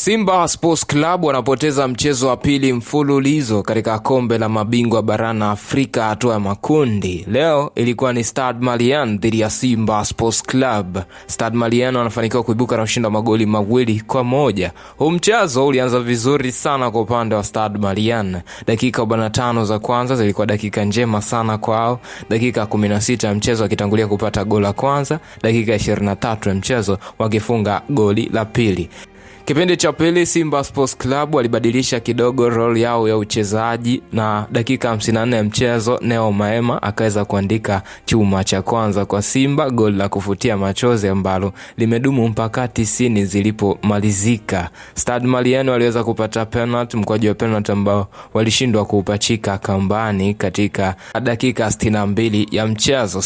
Simba Sports Club wanapoteza mchezo wa pili mfululizo katika kombe la mabingwa barani Afrika hatua ya makundi. Leo ilikuwa ni stad malian dhidi ya Simba Sports Club. stad malian wanafanikiwa kuibuka na ushindi wa magoli mawili kwa moja. Huu mchezo ulianza vizuri sana kwa upande wa stad malian Dakika 45 za kwanza zilikuwa dakika njema sana kwao. Dakika 16 ya mchezo wakitangulia kupata goli la kwanza, dakika 23 ya mchezo wakifunga goli la pili. Kipindi cha pili Simba Sports Club walibadilisha kidogo rol yao ya uchezaji na dakika 54 ya mchezo Neo Maema akaweza kuandika chuma cha kwanza kwa Simba, goli la kufutia machozi ambalo limedumu mpaka tisini zilipomalizika. stad Malien waliweza kupata penalt mkwaju wa penalt ambao walishindwa kuupachika kambani katika dakika 62 ya mchezo.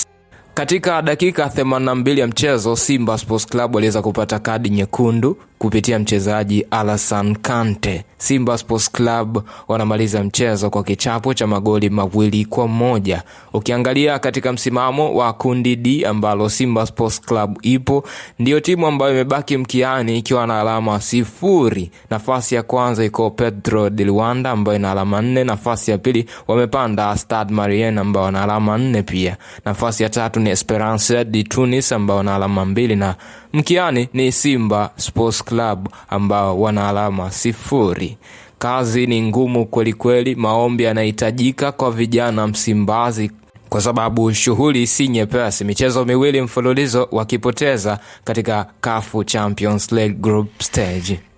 Katika dakika 82 ya mchezo Simba Sports Club waliweza kupata kadi nyekundu kupitia mchezaji Alasan Kante. Simba Sports Club wanamaliza mchezo kwa kichapo cha magoli mawili kwa moja. Ukiangalia katika msimamo wa kundi D ambalo Simba Sports Club ipo, ndiyo timu ambayo imebaki mkiani ikiwa na alama sifuri. Nafasi ya kwanza iko pedro de Luanda ambayo ina alama nne. Nafasi ya pili wamepanda stad marien ambao wana alama nne pia. Nafasi ya tatu ni Esperance de Tunis ambao wana alama mbili na mkiani ni Simba Sports Club ambao wana alama sifuri. Kazi ni ngumu kwelikweli, maombi yanahitajika kwa vijana Msimbazi kwa sababu shughuli si nyepesi. Michezo miwili mfululizo wakipoteza katika CAF Champions League group stage.